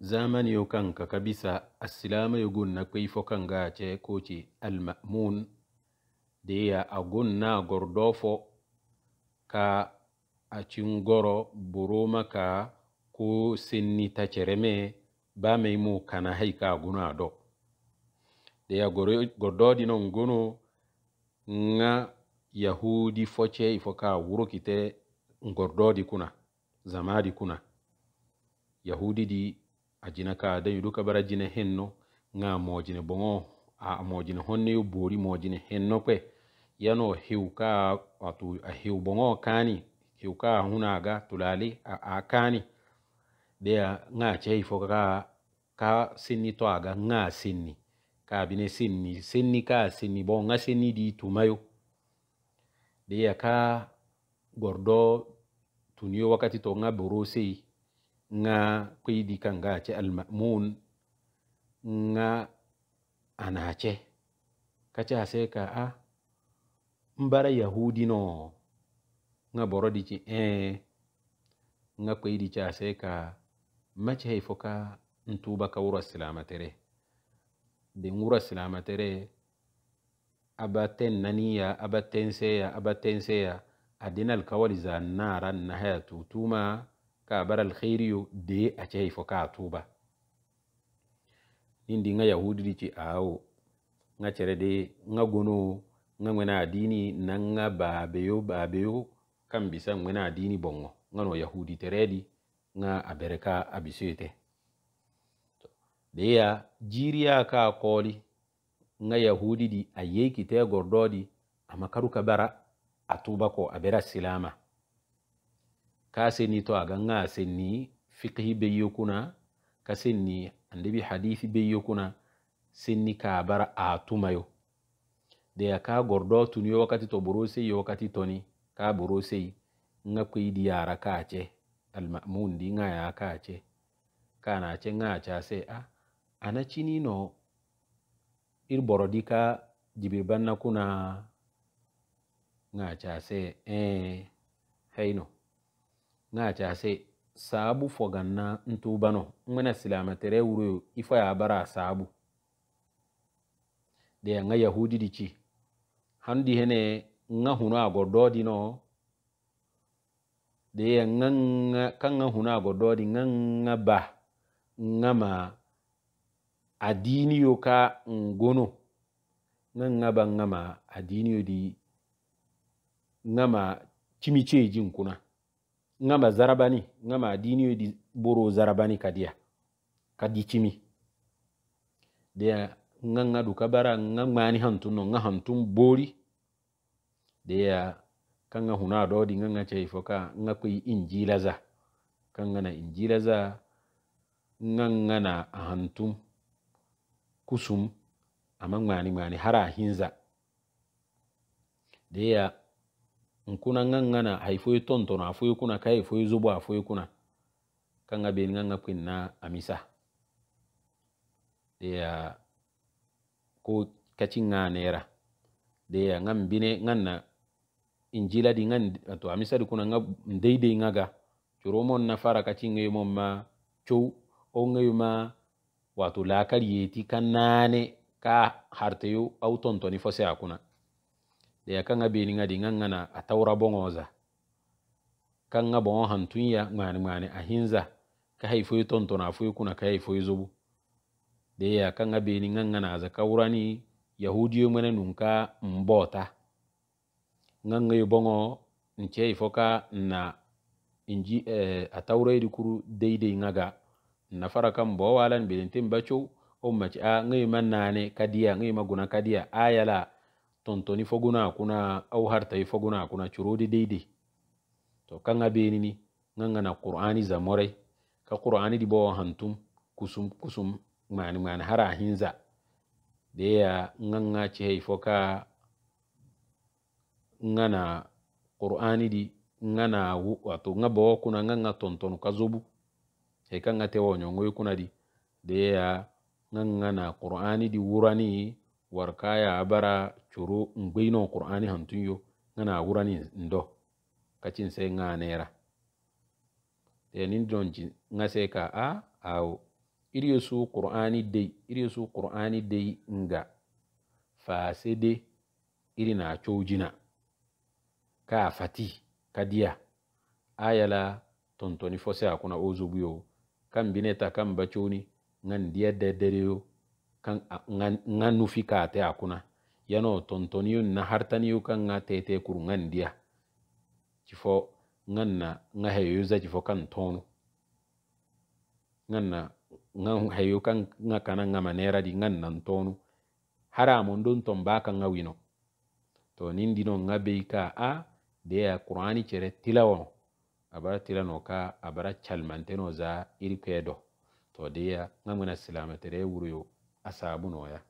zamani yo kanka kabisa asilama yo gonna kwei fo kanga ce koce almamun da ya a gonna gordofo ka a cingoro buru maka ko sinni ta cereme ba mai mu kana haika guna do da ya gordo di non gono nga yahudi foce ifo ka wuro kite gordo di kuna zama di kuna yahudi di A ajina ka yi duka bara jine henno nga mojine bongo a mojine honne yo bori mojine henno kwe yano ka watu hiu bongo kani ka huna ga tulali a, a kani de a nga chei foka ka ka sinni to aga nga sinni ka bine sinni sinni ka sinni bo nga sinni di tumayo dea ka gordo tuniyo wakati to nga borosei nga kuidi kanga che almamun nga anache kacha ka a ah, mbara yahudi no nga borodi che e nga kuidi cha aseka mache haifoka ntuba ka wura silamatere din wura silamatere abaten naniya abaten seya abaten seya adinal kawali za nara nahaya tutuma ka baral heriyo de a cehi fo ka tuba nin di ŋa yahudi di ci awo ŋa cere de ŋa gono ŋa ŋwena dini nan ŋa babeyo babeyo kan bisa ŋwena dini boŋo ŋa no yahudi teredi ŋa a bere ka a bisoyote deya jiriya ka koli ŋa yahudi di a yei kite gordo di a makaru ka bara a tuba ko a bera silama ka senni to aga nga senni fiqhi be yokuna ka senni bi hadithi be yokuna senni ka bara a tumayo ya ka gordo tuni wakati to borosei yo wakati toni ka borosei nga kwidi yara kace almamun di nga ya kace kana ce nga ca se a ah, ana cini no ir borodi ka jibirban na kuna nga ca se eh heino a chase sabu foganna ntubano ngana silamatere wuro ifa ya bara sabu de nga yahudi dici handi hene nga hunu agodo no de nga kan nga hunu agodo di nga nga ba nga ma adini yo ka ngono nga nga ba nga ma adini yo di nga ma chimiche jinkuna ngama zarabani ngama adini di boro zarabani kadiya kadi cimi deya nga ngaɗu kabara nga ngmani hantum no nga hantum boori deya kanga huna ɗoɗi nga nga chei foka ka nga koyi injila za kanga na injila za nga nga na hantu kusum amangwani mani ngmani hara hinza deya nkuna ngangana haifoyi tontono afoyi kuna ka haifoyi zubo afoyi kuna kanga beni nganga kwinna amisa ya ko kaci nga nera deya nga mbine nganna injila di ngan a amisa di kuna nga ndeidei ngaga curomon na fara kaci ngeyomon ma cow o ma wato lakar yeti kan ne ka harteyo au tontoni fose akuna ya kanga beni ngadi ngangana atawra bongoza kanga bongo hantunya ngani ngani ahinza ka haifoyi tontona afoyi kuna ka haifoyi zobu da ya kanga beni na za yahudi yahudiyo mwene nunka mbota nganga yi bongo nke ifoka na inji eh, atawra idi kuru ga ngaga na faraka mbo walan bilintin bacho o mace a ah, ngayi manane kadia ngayi ngai maguna kadiya ayala tontoni foguna kuna au hartai foguna kuna curodi deidei to kanga ni nganga na qur'ani za morai ka qur'ani di bawa hantum kusum kusum mani mani hara hinza de ya nganga cehei foka ngana qur'ani di ngana wato nga bawa kuna nganga tontonu ka zobu he kanga wonyo nyongoyi kuna di de ya nganga na qur'ani di wurani warkaya abara. curu n gwino qur'ani hantun yo ngana wurani ndo kacin sai nga nera te nin don ji nga sai ka a aw iriyo su qur'ani dei iriyo su qur'ani dei nga fa se de iri na chojina ka fati kadia ayala tontoni fose akuna ozubuyo kan bineta kan bacuni ngan dia dedereyo kan ngan nufi ka te akuna yano tontoniyun na hartaniyu kan nga tete kuru ngan dia chifo ngan na nga heyuza chifo kan tonu ngan na nga heyu kan nga kana nga manera di ngan nan tonu Hara don ntombaka kan nga wino to nindino nga beika a deya qur'ani chere wano. abara no ka abara chalmanteno za irikedo to deya nga muna silamatere no ya.